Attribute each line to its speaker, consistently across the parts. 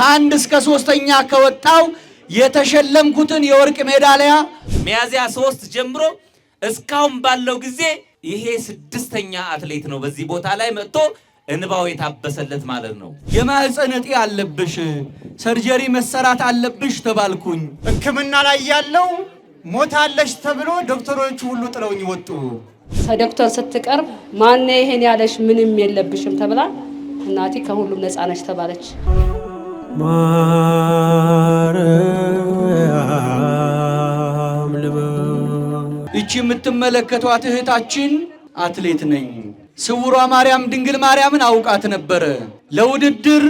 Speaker 1: ከአንድ እስከ ሶስተኛ ከወጣው የተሸለምኩትን የወርቅ ሜዳሊያ ሚያዝያ ሶስት ጀምሮ እስካሁን ባለው ጊዜ ይሄ ስድስተኛ አትሌት ነው በዚህ ቦታ ላይ መጥቶ እንባው የታበሰለት ማለት ነው። የማህፀን እጢ አለብሽ ሰርጀሪ መሰራት አለብሽ ተባልኩኝ። ሕክምና ላይ ያለው ሞታለሽ ተብሎ ዶክተሮቹ ሁሉ ጥለውኝ ወጡ።
Speaker 2: ከዶክተር ስትቀርብ ማነ ይሄን ያለሽ ምንም የለብሽም ተብላ እናቴ ከሁሉም ነፃ ነች ተባለች። ማርያም
Speaker 1: እቺ የምትመለከቷት እህታችን አትሌት ነኝ። ስውሯ ማርያም ድንግል ማርያምን አውቃት ነበረ። ለውድድር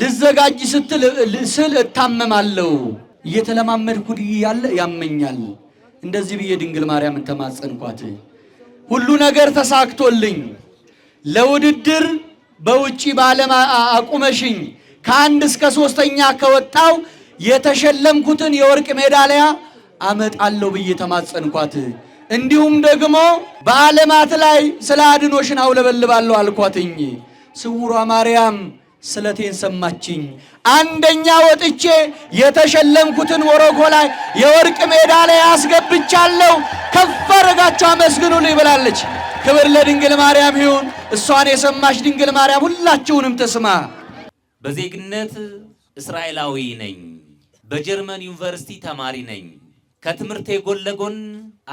Speaker 1: ልዘጋጅ ስትል ስል እታመማለሁ እየተለማመድኩት ያለ ያመኛል። እንደዚህ ብዬ ድንግል ማርያምን ተማጸንኳት። ሁሉ ነገር ተሳክቶልኝ ለውድድር በውጪ ባለም አቁመሽኝ ከአንድ እስከ ሶስተኛ ከወጣው የተሸለምኩትን የወርቅ ሜዳሊያ አመጣለሁ ብዬ ተማጸንኳት። እንዲሁም ደግሞ በዓለማት ላይ ስለ አድኖሽን አውለበልባለሁ አልኳትኝ። ስውሯ ማርያም ስለቴን ሰማችኝ። አንደኛ ወጥቼ የተሸለምኩትን ወረኮ ላይ የወርቅ ሜዳሊያ አስገብቻለሁ። ከፍ አድርጋችሁ አመስግኑልኝ ብላለች። ክብር ለድንግል ማርያም ይሁን። እሷን የሰማች ድንግል ማርያም ሁላችሁንም ትስማ። በዜግነት እስራኤላዊ ነኝ። በጀርመን ዩኒቨርሲቲ ተማሪ ነኝ። ከትምህርቴ ጎን ለጎን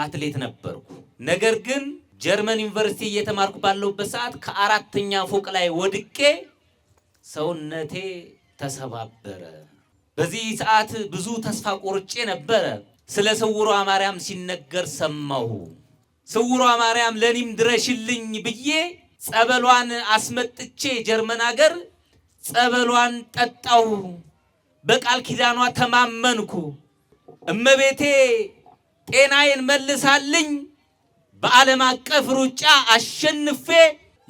Speaker 1: አትሌት ነበርኩ። ነገር ግን ጀርመን ዩኒቨርሲቲ እየተማርኩ ባለሁበት ሰዓት ከአራተኛ ፎቅ ላይ ወድቄ ሰውነቴ ተሰባበረ። በዚህ ሰዓት ብዙ ተስፋ ቆርጬ ነበረ። ስለ ስውሯ ማርያም ሲነገር ሰማሁ። ስውሯ ማርያም ለእኔም ድረሽልኝ ብዬ ጸበሏን አስመጥቼ ጀርመን አገር ጸበሏን ጠጣሁ፣ በቃል ኪዳኗ ተማመንኩ። እመቤቴ ጤናዬን መልሳልኝ፣ በዓለም አቀፍ ሩጫ አሸንፌ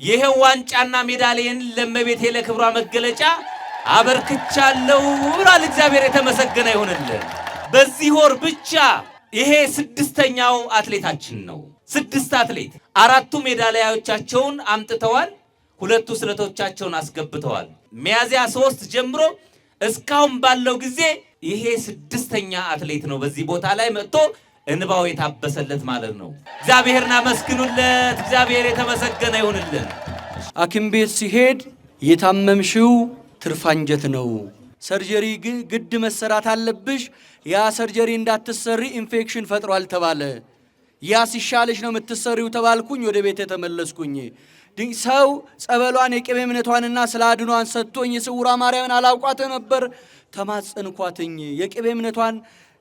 Speaker 1: ይሄው ዋንጫና ሜዳሊያን ለእመቤቴ ለክብሯ መገለጫ አበርክቻለሁ ብሏል። እግዚአብሔር የተመሰገነ ይሁንልን። በዚህ ወር ብቻ ይሄ ስድስተኛው አትሌታችን ነው። ስድስት አትሌት አራቱ ሜዳሊያዎቻቸውን አምጥተዋል። ሁለቱ ስለቶቻቸውን አስገብተዋል። ሚያዚያ ሶስት ጀምሮ እስካሁን ባለው ጊዜ ይሄ ስድስተኛ አትሌት ነው በዚህ ቦታ ላይ መጥቶ እንባው የታበሰለት ማለት ነው። እግዚአብሔርን አመስግኑለት። እግዚአብሔር የተመሰገነ ይሁንልን። ሐኪም ቤት ሲሄድ የታመምሽው ትርፋንጀት ነው፣ ሰርጀሪ ግድ መሰራት አለብሽ፣ ያ ሰርጀሪ እንዳትሰሪ ኢንፌክሽን ፈጥሯል ተባለ። ያ ሲሻለሽ ነው የምትሰሪው ተባልኩኝ፣ ወደ ቤት ተመለስኩኝ ሰው ጸበሏን የቅቤ እምነቷንና ስለ አድኗን ሰጥቶኝ የስውሯ ማርያምን አላውቋት ነበር ተማጸንኳትኝ። የቅቤ እምነቷን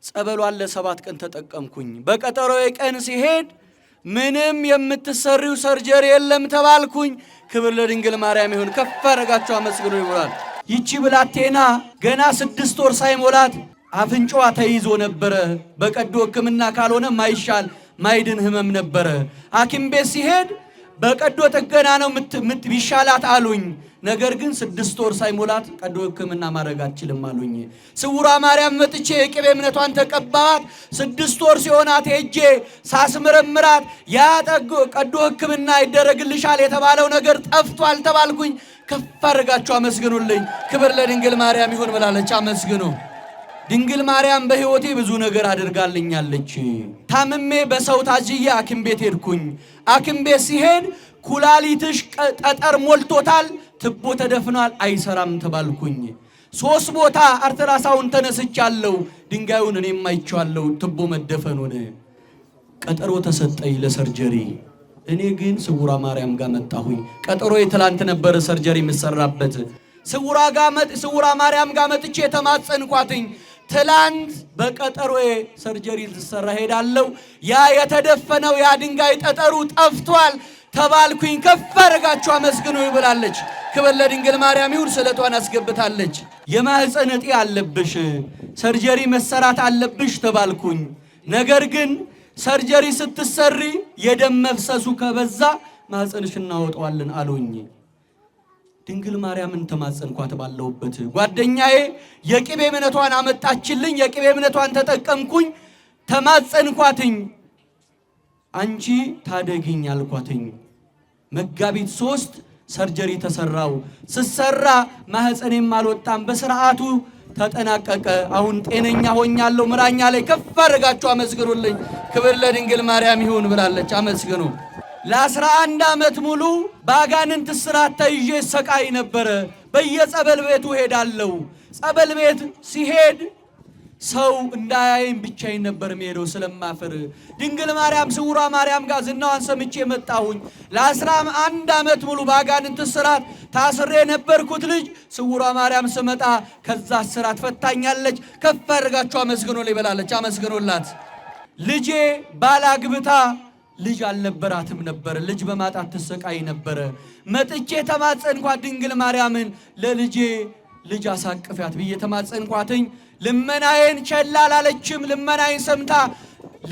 Speaker 1: ጸበሏን ለሰባት ቀን ተጠቀምኩኝ። በቀጠሮ ቀን ሲሄድ ምንም የምትሰሪው ሰርጀሪ የለም ተባልኩኝ። ክብር ለድንግል ማርያም ይሁን። ከፍ አረጋቸው አመስግኖ ይሞላል። ይቺ ብላቴና ገና ስድስት ወር ሳይሞላት አፍንጫዋ ተይዞ ነበረ። በቀዶ ሕክምና ካልሆነ ማይሻል ማይድን ህመም ነበረ። ሐኪም ቤት ሲሄድ በቀዶ ጥገና ነው ቢሻላት አሉኝ። ነገር ግን ስድስት ወር ሳይሞላት ቀዶ ሕክምና ማድረግ አችልም አሉኝ። ስውሯ ማርያም መጥቼ የቅቤ እምነቷን ተቀባት። ስድስት ወር ሲሆናት ሄጄ ሳስምረምራት ያ ቀዶ ሕክምና ይደረግልሻል የተባለው ነገር ጠፍቷል ተባልኩኝ። ከፍ አድርጋችሁ አመስግኑልኝ። ክብር ለድንግል ማርያም ይሁን ብላለች። አመስግኑ። ድንግል ማርያም በሕይወቴ ብዙ ነገር አድርጋልኛለች። ታምሜ በሰው ታጅዬ አክም ቤት ሄድኩኝ። አክም ቤት ሲሄድ ኩላሊትሽ ጠጠር ሞልቶታል፣ ትቦ ተደፍኗል፣ አይሰራም ተባልኩኝ። ሶስት ቦታ አርትራሳውን ተነስቻለሁ። ድንጋዩን እኔ አይቼዋለሁ፣ ትቦ መደፈኑን። ቀጠሮ ተሰጠኝ ለሰርጀሪ። እኔ ግን ስውራ ማርያም ጋር መጣሁኝ። ቀጠሮ የትላንት ነበር ሰርጀሪ የምሰራበት ስውራ ማርያም ጋር መጥቼ የተማጸንኳትኝ ትላንት በቀጠሮዬ ሰርጀሪ ልሰራ ሄዳለሁ። ያ የተደፈነው ያ ድንጋይ ጠጠሩ ጠፍቷል ተባልኩኝ። ከፍ አድርጋችሁ አመስግኑ ይብላለች። ክብር ለድንግል ማርያም ይሁን። ስለቷን አስገብታለች። የማህፀን እጢ አለብሽ፣ ሰርጀሪ መሰራት አለብሽ ተባልኩኝ። ነገር ግን ሰርጀሪ ስትሰሪ የደም መፍሰሱ ከበዛ ማህፀንሽ እናወጣዋለን አሉኝ። ድንግል ማርያምን ተማጸንኳት ባለሁበት። ጓደኛዬ የቅቤ እምነቷን አመጣችልኝ፣ የቅቤ እምነቷን ተጠቀምኩኝ፣ ተማጸንኳትኝ፣ አንቺ ታደግኝ አልኳትኝ። መጋቢት ሶስት ሰርጀሪ ተሰራው። ስሰራ ማህፀኔም አልወጣም፣ በስርዓቱ ተጠናቀቀ። አሁን ጤነኛ ሆኛለሁ። ምራኛ ላይ ከፍ አድርጋችሁ አመስግኑልኝ። ክብር ለድንግል ማርያም ይሁን ብላለች። አመስግኑ። ለአስራ አንድ ዓመት ሙሉ በአጋንንት እስራት ተይዤ ሰቃይ ነበረ። በየጸበል ቤቱ ሄዳለሁ። ጸበል ቤት ሲሄድ ሰው እንዳያይም ብቻዬን ነበር የምሄደው ስለማፈር። ድንግል ማርያም ስውሯ ማርያም ጋር ዝናዋን ሰምቼ መጣሁኝ። ለአስራ አንድ ዓመት ሙሉ በአጋንንት ስራት ታስሬ የነበርኩት ልጅ ስውሯ ማርያም ስመጣ ከዛ እስራት ፈታኛለች። ከፍ አድርጋችሁ አመስግኖ ይበላለች። አመስግኖላት ልጄ ባላግብታ ልጅ አልነበራትም ነበረ። ልጅ በማጣት ተሰቃይ ነበረ። መጥቼ ተማጸንኳት ድንግል ማርያምን ለልጄ ልጅ አሳቅፊያት ብዬ ተማጸንኳትኝ። ልመናዬን ቸላ አላለችም። ልመናዬን ሰምታ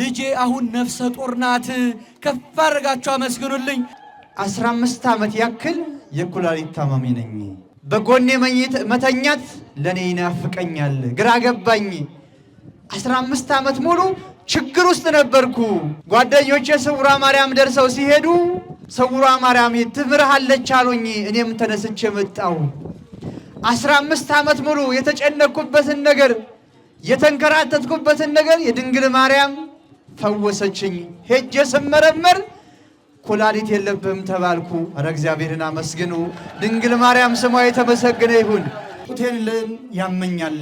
Speaker 1: ልጄ አሁን ነፍሰ ጡር ናት። ከፍ አድርጋችሁ አመስግኑልኝ። አስራ አምስት ዓመት ያክል የኩላሊት ታማሚ ነኝ። በጎኔ መተኛት ለእኔ ይናፍቀኛል። ግራ ገባኝ። አስራ አምስት ዓመት ሙሉ ችግር ውስጥ ነበርኩ። ጓደኞቼ ስውሯ ማርያም ደርሰው ሲሄዱ ስውሯ ማርያም ትምርሃለች አሉኝ። እኔም ተነስቼ መጣሁ። አስራ አምስት ዓመት ሙሉ የተጨነቅኩበትን ነገር የተንከራተትኩበትን ነገር የድንግል ማርያም ፈወሰችኝ። ሄጄ ስመረመር ኩላሊት የለብህም ተባልኩ። ኧረ እግዚአብሔርን አመስግኑ። ድንግል ማርያም ስሟ የተመሰገነ ይሁን። ጡቴን ያመኛል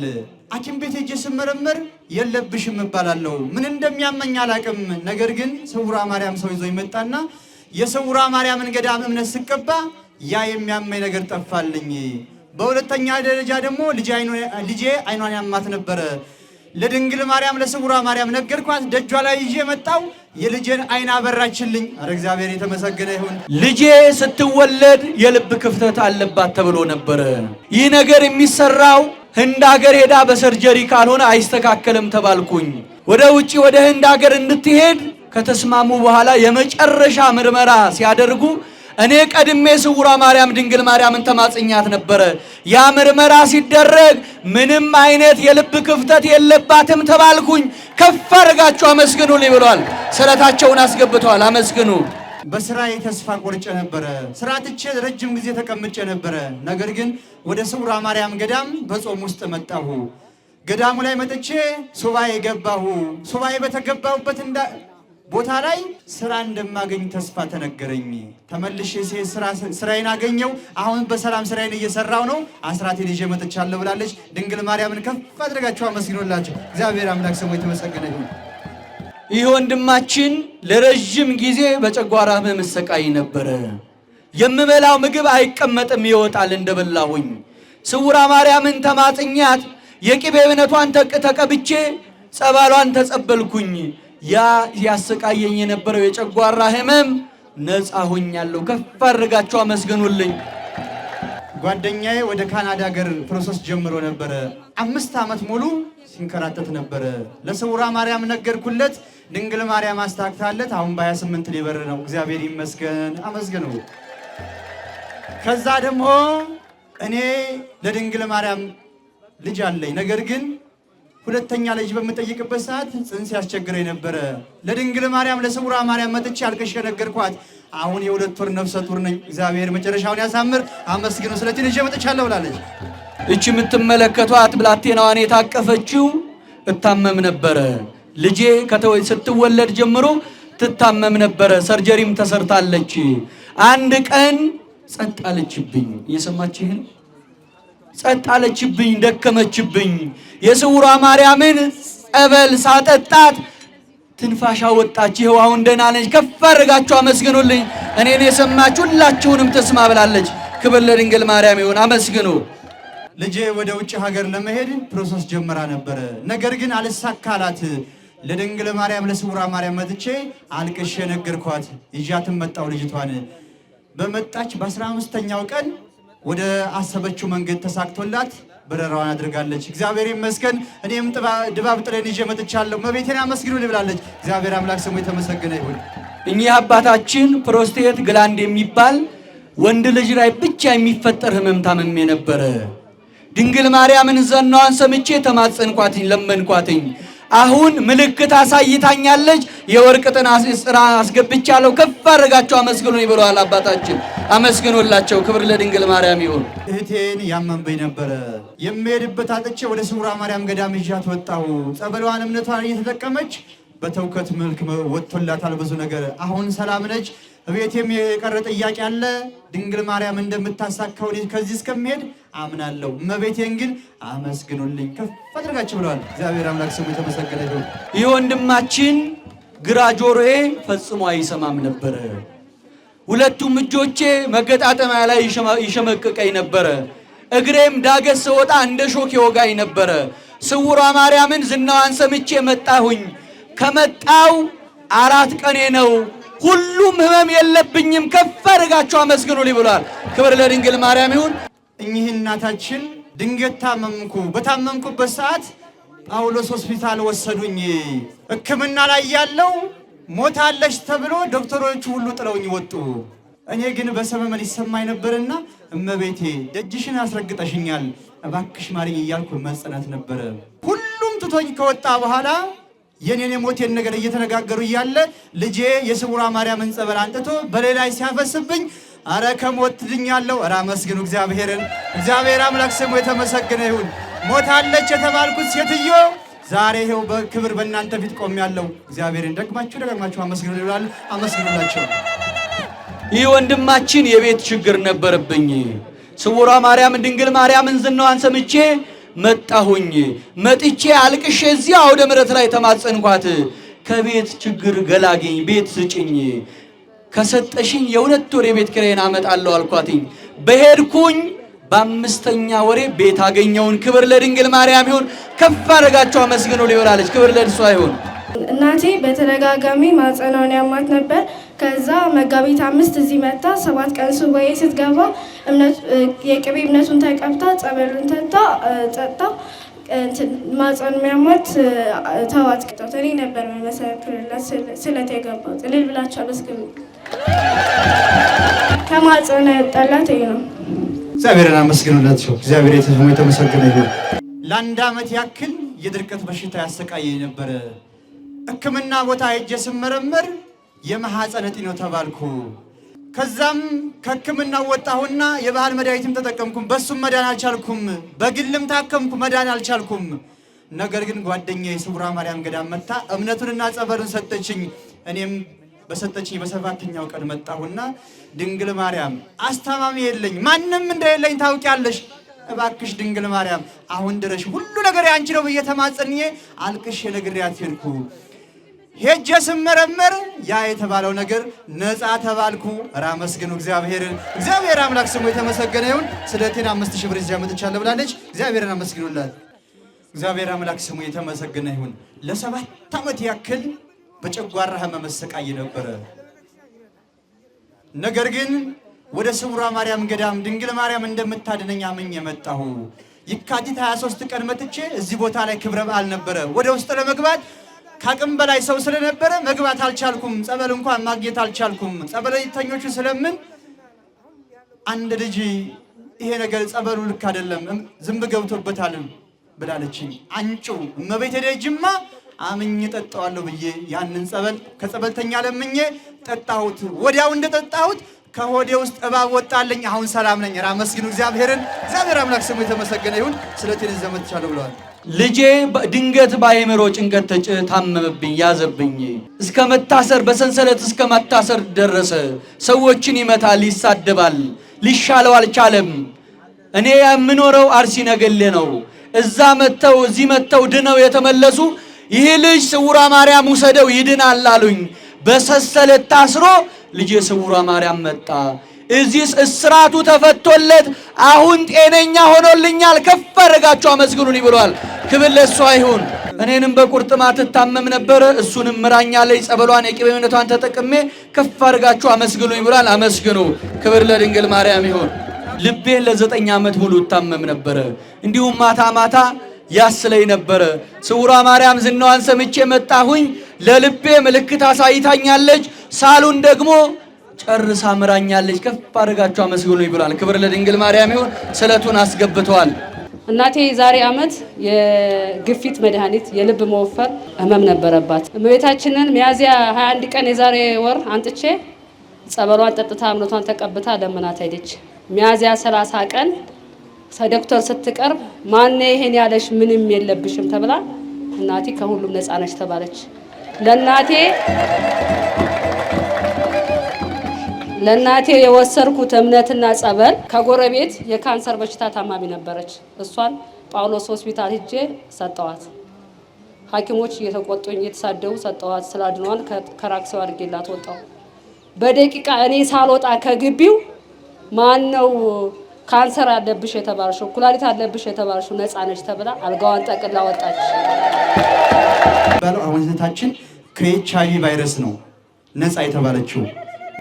Speaker 1: ሐኪም ቤት ሄጄ ስመረመር የለብሽም እባላለሁ። ምን እንደሚያመኝ አላቅም። ነገር ግን ስውሯ ማርያም ሰው ይዞ ይመጣና የስውሯ ማርያምን ገዳም እምነት ስቀባ ያ የሚያመኝ ነገር ጠፋልኝ። በሁለተኛ ደረጃ ደግሞ ልጄ አይኗን ያማት ነበረ። ለድንግል ማርያም ለስውሯ ማርያም ነገርኳት። ደጇ ላይ ይዤ መጣው የልጄን አይን አበራችልኝ። አረ እግዚአብሔር የተመሰገነ ይሁን። ልጄ ስትወለድ የልብ ክፍተት አለባት ተብሎ ነበረ። ይህ ነገር የሚሰራው ህንድ አገር ሄዳ በሰርጀሪ ካልሆነ አይስተካከልም ተባልኩኝ። ወደ ውጭ ወደ ህንድ አገር እንድትሄድ ከተስማሙ በኋላ የመጨረሻ ምርመራ ሲያደርጉ እኔ ቀድሜ ስውሯ ማርያም ድንግል ማርያምን ተማጽኛት ነበረ። ያ ምርመራ ሲደረግ ምንም አይነት የልብ ክፍተት የለባትም ተባልኩኝ። ከፍ አድርጋችሁ አመስግኑልኝ ብሏል። ስለታቸውን አስገብተዋል። አመስግኑ። በስራዬ ተስፋ ቆርጨ ነበረ። ስራ ትቼ ረጅም ጊዜ ተቀምጨ ነበረ። ነገር ግን ወደ ስውራ ማርያም ገዳም በጾም ውስጥ መጣሁ። ገዳሙ ላይ መጥቼ ሱባኤ ገባሁ። ሱባኤ በተገባሁበት ቦታ ላይ ስራ እንደማገኝ ተስፋ ተነገረኝ። ተመልሼ ስራዬን አገኘው። አሁን በሰላም ስራዬን እየሰራው ነው። አስራቴን ይዤ መጥቻለሁ ብላለች። ድንግል ማርያምን ከፍ አድርጋችሁ አመስግኖላቸው። እግዚአብሔር አምላክ ስሙ የተመሰገነ ይሁን። ይህ ወንድማችን ለረዥም ጊዜ በጨጓራ ህመም ሰቃይ ነበረ። የምበላው ምግብ አይቀመጥም፣ ይወጣል እንደበላሁኝ። ስውራ ማርያምን ተማጽኛት፣ የቅቤ እምነቷን ተቀብቼ ጸበሏን ተጸበልኩኝ። ያ ያሰቃየኝ የነበረው የጨጓራ ህመም ነፃ ሆኛለሁ። ከፍ አድርጋችሁ አመስግኑልኝ። ጓደኛዬ ወደ ካናዳ ሀገር ፕሮሰስ ጀምሮ ነበረ አምስት ዓመት ሙሉ ሲንከራተት ነበረ። ለስውራ ማርያም ነገርኩለት፣ ድንግል ማርያም አስታክታለት አሁን በ28 ሊበር ነው። እግዚአብሔር ይመስገን፣ አመስግኑ። ከዛ ደግሞ እኔ ለድንግል ማርያም ልጅ አለኝ። ነገር ግን ሁለተኛ ልጅ በምጠይቅበት ሰዓት ጽንስ ያስቸግረኝ ነበረ። ለድንግል ማርያም ለስውራ ማርያም መጥቼ አልቅሼ ነገርኳት። አሁን የሁለት ወር ነፍሰ ጡር ነኝ። እግዚአብሔር መጨረሻውን ያሳምር። አመስግኑ። ስለዚህ ልጄ መጥቻለሁ ብላለች። እች የምትመለከቷት ብላቴናዋን የታቀፈችው እታመም ነበረ። ልጄ ስትወለድ ጀምሮ ትታመም ነበረ። ሰርጀሪም ተሰርታለች። አንድ ቀን ጸጥ አለችብኝ። እየሰማች ይህን ጸጥ አለችብኝ፣ ደከመችብኝ። የስውሯ ማርያምን ጸበል ሳጠጣት ትንፋሻ ወጣች። ይኸው አሁን ደህና ነች። ከፍ አድርጋችሁ አመስግኑልኝ። እኔን የሰማች ሁላችሁንም ትስማ ብላለች። ክብር ለድንግል ማርያም ይሁን። አመስግኑ። ልጄ ወደ ውጭ ሀገር ለመሄድ ፕሮሰስ ጀምራ ነበረ። ነገር ግን አልሳካላት። ለድንግል ማርያም ለስውራ ማርያም መጥቼ አልቅሼ ነገርኳት። ይዣትን መጣው ልጅቷን በመጣች በ 15 ቀን ወደ አሰበችው መንገድ ተሳክቶላት በረራዋን አድርጋለች። እግዚአብሔር ይመስገን። እኔም ድባብ ጥለን ይዤ መጥቻለሁ። መቤቴን አመስግኑ ልብላለች። እግዚአብሔር አምላክ ስሙ የተመሰገነ ይሁን። እኚህ አባታችን ፕሮስቴት ግላንድ የሚባል ወንድ ልጅ ላይ ብቻ የሚፈጠር ህመም ታመሜ ነበረ። ድንግል ማርያምን ዘናዋን ሰምቼ ተማጸንኳትኝ፣ ለመንኳትኝ። አሁን ምልክት አሳይታኛለች። የወርቅ ጥና ስራ አስገብቻለሁ። ከፍ አድርጋቸው አመስግኖ ይበለዋል። አባታችን አመስግኖላቸው። ክብር ለድንግል ማርያም ይሁን። እህቴን ያመንበኝ ነበረ የሚሄድበት አጥቼ ወደ ስውራ ማርያም ገዳም ይዣት ወጣሁ። ጸበሏን እምነቷን እየተጠቀመች በተውከት መልክ ወጥቶላታል ብዙ ነገር። አሁን ሰላም ነች። እቤቴም የቀረ ጥያቄ አለ። ድንግል ማርያም እንደምታሳካው ከዚህ እስከሚሄድ አምናለሁ። እመቤቴን ግን አመስግኑልኝ ከፍ አድርጋችሁ ብለዋል። እግዚአብሔር አምላክ ስሙ የተመሰገነ ይሁን። ይህ ወንድማችን ግራ ጆሮዬ ፈጽሞ አይሰማም ነበረ። ሁለቱም እጆቼ መገጣጠሚያ ላይ ይሸመቅቀኝ ነበረ። እግሬም ዳገት ስወጣ እንደ ሾክ ይወጋኝ ነበረ። ስውሯ ማርያምን ዝናዋን ሰምቼ መጣሁኝ። ከመጣው አራት ቀኔ ነው። ሁሉም ህመም የለብኝም፣ ከፍ አድርጋችሁ አመስግኑልኝ ብሏል። ክብር ለድንግል ማርያም ይሁን። እኚህ እናታችን ድንገት ታመምኩ፣ በታመምኩበት ሰዓት ጳውሎስ ሆስፒታል ወሰዱኝ። ሕክምና ላይ ያለው ሞታለች ተብሎ ዶክተሮቹ ሁሉ ጥለውኝ ወጡ። እኔ ግን በሰመመን ይሰማኝ ነበርና እመቤቴ ደጅሽን አስረግጠሽኛል፣ እባክሽ ማርኝ እያልኩ መጽናት ነበረ። ሁሉም ትቶኝ ከወጣ በኋላ የኔን የሞቴን ነገር እየተነጋገሩ እያለ ልጄ የስውሯ ማርያምን ጸበል አንጥቶ በሌ ላይ ሲያፈስብኝ አረ ከሞት ድኛለሁ። አረ አመስግኑ እግዚአብሔርን። እግዚአብሔር አምላክ ስሙ የተመሰገነ ይሁን። ሞታለች የተባልኩት ሴትዮ ዛሬ ይኸው በክብር በእናንተ ፊት ቆሜያለሁ። እግዚአብሔርን ደግማችሁ ደጋግማችሁ አመስግኑ ይላል። አመስግኑላቸው። ይህ ወንድማችን የቤት ችግር ነበረብኝ። ስውሯ ማርያም ድንግል ማርያምን ዝናዋን ሰምቼ መጣሁኝ። መጥቼ አልቅሼ እዚህ አውደ ምረት ላይ ተማጸንኳት። ከቤት ችግር ገላግኝ፣ ቤት ስጭኝ፣ ከሰጠሽኝ የሁለት ወር የቤት ኪራይን አመጣለሁ አልኳትኝ። በሄድኩኝ በአምስተኛ ወሬ ቤት አገኘውን። ክብር ለድንግል ማርያም ይሁን። ከፍ አድርጋችሁ አመስግኖ ሊሆናለች። ክብር ለእርሷ ይሁን።
Speaker 2: እናቴ በተደጋጋሚ ማጸናውን ያማት ነበር። ከዛ መጋቢት አምስት እዚህ መጣ። ሰባት ቀን ሱባኤ ስትገባ የቅቤ እምነቱን ተቀብታ ጸበሉን ተጣ ጸጥታ ማጸን ሚያሟት ተዋት ቅጣት እኔ ነበር መመሰረቱላት ስለት የገባው ጥልል ብላቸው አመስግኑ። ከማጸን ያወጣላት ይሄ ነው። እግዚአብሔርን አመስግኑላቸው። እግዚአብሔር የተሰሙ የተመሰገነ ይሁን። ለአንድ ዓመት ያክል የድርቀት በሽታ ያሰቃየ የነበረ ሕክምና ቦታ ሄጄ ስመረመር የማሐፀነ ጢኖ ተባልኩ። ከዛም ከሕክምና ወጣሁና የባህል መድኃኒትም ተጠቀምኩም። በሱም መዳን አልቻልኩም። በግልም ታከምኩ፣ መዳን አልቻልኩም። ነገር ግን ጓደኛ የስውራ ማርያም ገዳም መታ እምነቱንና ጸበሉን ሰጠችኝ። እኔም በሰጠችኝ በሰባተኛው ቀን መጣሁና ድንግል ማርያም አስታማሚ የለኝ ማንም እንደሌለኝ ታውቂያለሽ። እባክሽ ድንግል ማርያም አሁን ድረሽ ሁሉ ነገር ያንቺ ነው ብዬ ተማጸንዬ አልቅሼ ነግሬያት ሄድኩ። ሄጄ ስመረመር ያ የተባለው ነገር ነፃ ተባልኩ። ራመስግኑ እግዚአብሔር እግዚአብሔርን። እግዚአብሔር አምላክ ስሙ የተመሰገነ ይሁን። ስለቴን አምስት ሺህ ብር ይዤ መጥቻለሁ ብላለች። እግዚአብሔርን አመስግኑላት። እግዚአብሔር አምላክ ስሙ የተመሰገነ ይሁን። ለሰባት ዓመት ያክል በጨጓራ ህመም ሰቃይ ነበረ። ነገር ግን ወደ ስውሯ ማርያም ገዳም ድንግል ማርያም እንደምታድነኝ አምኜ የመጣሁ የካቲት 23 ቀን መጥቼ እዚህ ቦታ ላይ ክብረ በዓል ነበረ። ወደ ውስጥ ለመግባት ከአቅም በላይ ሰው ስለነበረ መግባት አልቻልኩም። ጸበል እንኳን ማግኘት አልቻልኩም። ጸበለተኞቹ ስለምን አንድ ልጅ ይሄ ነገር ጸበሉ ልክ አይደለም፣ ዝንብ ገብቶበታል ብላለችኝ። አንጩ እመቤት ሄደጅማ አምኜ ጠጣዋለሁ ብዬ ያንን ጸበል ከጸበልተኛ ለምኜ ጠጣሁት። ወዲያው እንደጠጣሁት ከሆዴ ውስጥ እባብ ወጣለኝ። አሁን ሰላም ነኝ። ራ መስግኑ እግዚአብሔርን። እግዚአብሔር አምላክ ስሙ የተመሰገነ ይሁን። ስለቴን ዘመትቻለሁ ብለዋል። ልጄ ድንገት በአእምሮ ጭንቀት ታመመብኝ፣ ያዘብኝ፣ እስከ መታሰር በሰንሰለት እስከ መታሰር ደረሰ። ሰዎችን ይመታል፣ ይሳደባል፣ ሊሻለው አልቻለም። እኔ የምኖረው አርሲ ነገሌ ነው። እዛ መጥተው እዚህ መጥተው ድነው የተመለሱ ይህ ልጅ ስውሯ ማርያም ውሰደው ይድናል አሉኝ። በሰንሰለት ታስሮ ልጄ ስውሯ ማርያም መጣ። እዚህ እስራቱ ተፈቶለት አሁን ጤነኛ ሆኖልኛል፣ ከፍ አድርጋችሁ አመስግኑን ይብሏል። ክብር ለእሷ ይሁን። እኔንም በቁርጥማት እታመም ነበረ፣ እሱንም ምራኛ ላይ ጸበሏን የቅቤ ተጠቅሜ ከፍ አድርጋችሁ አመስግኑ ይብሏል። አመስግኑ። ክብር ለድንግል ማርያም ይሁን። ልቤን ለዘጠኝ ዓመት ሙሉ እታመም ነበረ። እንዲሁም ማታ ማታ ያስለኝ ነበረ። ስውሯ ማርያም ዝናዋን ሰምቼ መጣሁኝ። ለልቤ ምልክት አሳይታኛለች። ሳሉን ደግሞ ጨርሳ ምራኛለች። ከፍ አድርጋችሁ አመስግኑ ይብሏል። ክብር ለድንግል ማርያም ይሁን። ስለቱን አስገብተዋል። እናቴ የዛሬ ዓመት የግፊት መድኃኒት፣ የልብ መወፈር ህመም ነበረባት። እመቤታችንን ሚያዝያ 21 ቀን የዛሬ ወር አንጥቼ ጸበሏን ጠጥታ እምነቷን ተቀብታ ለምናት ሄደች። ሚያዝያ 30 ቀን ዶክተር ስትቀርብ ማነ ይሄን ያለሽ ምንም የለብሽም ተብላ እናቴ ከሁሉም ነፃ ነች ተባለች። ለእናቴ ለእናቴ የወሰድኩት እምነትና ጸበል ከጎረቤት የካንሰር በሽታ ታማሚ ነበረች። እሷን ጳውሎስ ሆስፒታል ሂጄ ሰጠዋት። ሐኪሞች እየተቆጡኝ እየተሳደቡ ሰጠዋት። ስላድኗን ከራክሰው አድርጌላት ወጣው። በደቂቃ እኔ ሳልወጣ ከግቢው ማን ነው ካንሰር አለብሽ የተባልሽው፣ ኩላሊት አለብሽ የተባልሽው ነች ተብላ አልጋዋን ጠቅላ ወጣች። ባለው አሁን ከኤች አይ ቪ ቫይረስ ነው ነፃ የተባለችው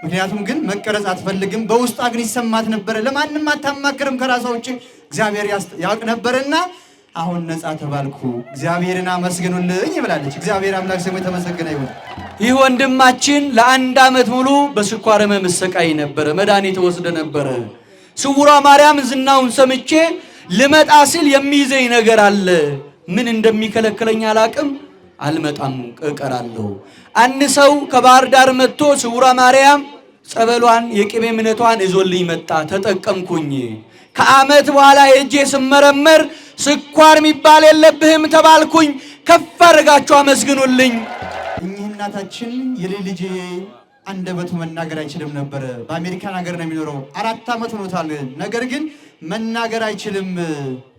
Speaker 2: ምክንያቱም ግን መቀረጽ አትፈልግም። በውስጧ ግን ይሰማት ነበረ። ለማንም አታማክርም ከራሷ ውጭ እግዚአብሔር ያውቅ ነበርና አሁን ነፃ ተባልኩ እግዚአብሔርን አመስግኑልኝ ብላለች። እግዚአብሔር አምላክ ስሙ የተመሰገነ ይሁን። ይህ ወንድማችን ለአንድ ዓመት ሙሉ በስኳር መምሰቃይ ሰቃይ ነበረ። መድኃኒት ወስደ ነበረ። ስውሯ ማርያም ዝናውን ሰምቼ ልመጣ ስል የሚይዘኝ ነገር አለ፣ ምን እንደሚከለክለኝ አላቅም አልመጣም እቀራለሁ። አንድ ሰው ከባህር ዳር መጥቶ ስውራ ማርያም ጸበሏን የቅቤ እምነቷን ይዞልኝ መጣ። ተጠቀምኩኝ። ከዓመት በኋላ የእጄ ስመረመር ስኳር የሚባል የለብህም ተባልኩኝ። ከፍ አድርጋችሁ አመስግኑልኝ። እኚህ እናታችን የሌ ልጄ አንደበቱ መናገር አይችልም ነበር። በአሜሪካን ሀገር ነው የሚኖረው። አራት ዓመት ሆኖታል። ነገር ግን መናገር አይችልም።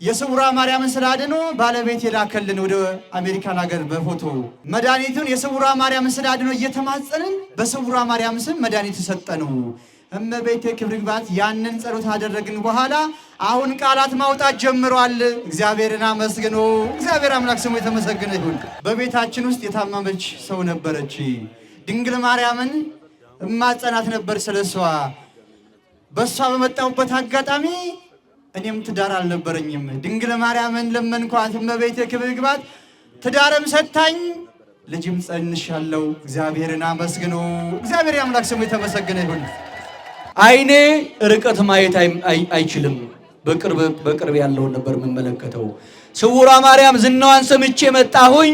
Speaker 2: የስውሯ ማርያምን ስላድኖ ባለቤት የላከልን ወደ አሜሪካን ሀገር በፎቶ መድኃኒቱን የስውሯ ማርያምን ስላድኖ እየተማጸንን በስውሯ ማርያም ስም መድኃኒት ሰጠነው። ነው። እመቤቴ ክብር ግባት። ያንን ጸሎት አደረግን በኋላ አሁን ቃላት ማውጣት ጀምሯል። እግዚአብሔርን አመስግኖ እግዚአብሔር አምላክ ስሙ የተመሰገነ ይሁን። በቤታችን ውስጥ የታመመች ሰው ነበረች። ድንግል ማርያምን እማጸናት ነበር ስለሷ በእሷ በመጣሁበት አጋጣሚ እኔም ትዳር አልነበረኝም። ድንግል ማርያምን ለመንኳት፣ እመቤቴ ክብር ይግባት። ትዳርም ሰጥታኝ ልጅም ጸንሻለሁ። እግዚአብሔርን አመስግኑ። እግዚአብሔር የአምላክ ስሙ የተመሰገነ ይሁን። አይኔ ርቀት ማየት አይችልም። በቅርብ በቅርብ ያለውን ነበር የምመለከተው። ስውሯ ማርያም ዝናዋን ሰምቼ መጣሁኝ፣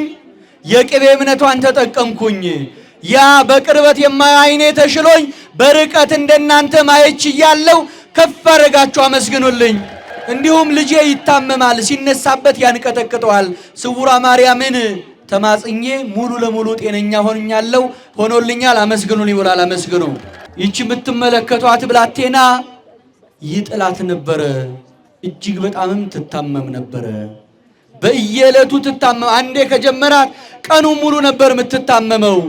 Speaker 2: የቅቤ እምነቷን ተጠቀምኩኝ። ያ በቅርበት የማየው አይኔ ተሽሎኝ በርቀት እንደናንተ ማየች እያለው ከፍ አድርጋችሁ አመስግኑልኝ። እንዲሁም ልጄ ይታመማል፣ ሲነሳበት ያንቀጠቅጠዋል። ስውሯ ማርያምን ተማጽኜ ሙሉ ለሙሉ ጤነኛ ሆኛለሁ፣ ሆኖልኛል፣ አመስግኑን ይውላል አመስግኑ። ይቺ የምትመለከቷት ብላቴና ይጥላት ነበረ። እጅግ በጣምም ትታመም ነበረ። በየዕለቱ ትታመም። አንዴ ከጀመራት ቀኑ ሙሉ ነበር የምትታመመው።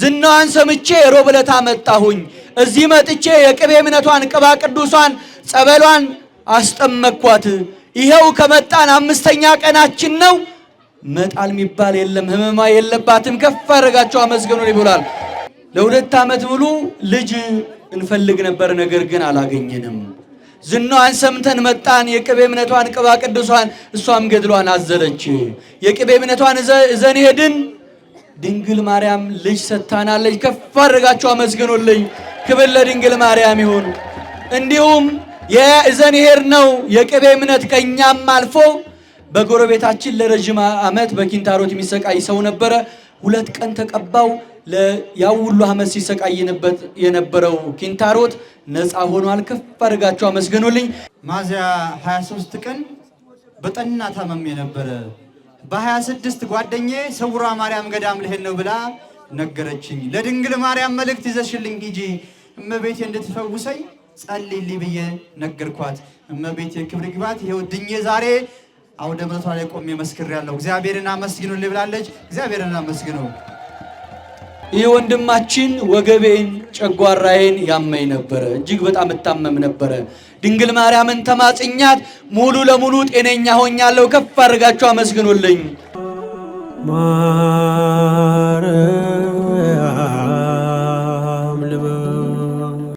Speaker 2: ዝናዋን ሰምቼ ሮብ መጣሁኝ። እዚህ መጥቼ የቅቤ እምነቷን ቅባ ቅዱሷን ጸበሏን አስጠመኳት። ይኸው ከመጣን አምስተኛ ቀናችን ነው። መጣል የሚባል የለም፣ ህመማ የለባትም። ከፍ አድርጋቸው አመስግኑን ይብሏል። ለሁለት ዓመት ሙሉ ልጅ እንፈልግ ነበር፣ ነገር ግን አላገኘንም። ዝናዋን ሰምተን መጣን። የቅቤ እምነቷን ቅባ ቅዱሷን እሷም ገድሏን አዘለች። የቅቤ እምነቷን እዘን ሄድን። ድንግል ማርያም ልጅ ሰታናለች። ከፍ አድርጋችሁ አመስግኑልኝ። ክብር ለድንግል ማርያም ይሁን። እንዲሁም የዘንሄር ነው የቅቤ እምነት ከእኛም አልፎ በጎረቤታችን ለረዥም ዓመት በኪንታሮት የሚሰቃይ ሰው ነበረ። ሁለት ቀን ተቀባው። ያው ሁሉ ዓመት የነበረው ኪንታሮት ነፃ ሆኗል። ከፍ አድርጋችሁ አመስግኑልኝ። ሚያዝያ 23 ቀን በጠና ታመም የነበረ በ26 ጓደኛዬ ሰውራ ማርያም ገዳም ልሄድ ነው ብላ ነገረችኝ። ለድንግል ማርያም መልእክት ይዘሽልኝ ሂጂ እመቤቴ እንድትፈውሰኝ ጸልይልኝ ብዬ ነገርኳት። እመቤቴ ክብር ግባት። ይኸው ድኜ ዛሬ አውደ ምሕረቷ ላይ ቆሜ መስክሬያለሁ። እግዚአብሔርን አመስግኑልኝ ብላለች። እግዚአብሔርን አመስግኑ። ይህ ወንድማችን ወገቤን ጨጓራዬን ያመኝ ነበረ፣ እጅግ በጣም እታመም ነበረ። ድንግል ማርያምን ተማጽኛት ሙሉ ለሙሉ ጤነኛ ሆኛለሁ። ከፍ አድርጋችሁ አመስግኑልኝ። Mare